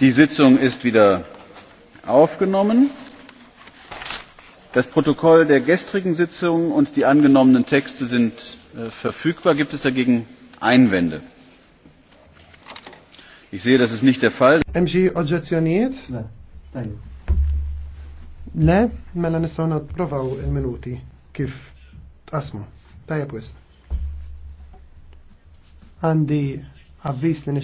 Die Sitzung ist wieder aufgenommen. Das Protokoll der gestrigen Sitzung und die angenommenen Texte sind äh, verfügbar. Gibt es dagegen Einwände? Ich sehe, das ist nicht der Fall. MG oġġezzjonijiet? Le, tajju. Le, mela nistgħu napprovaw il-minuti kif Asmo. Tajja pues. Andi avvis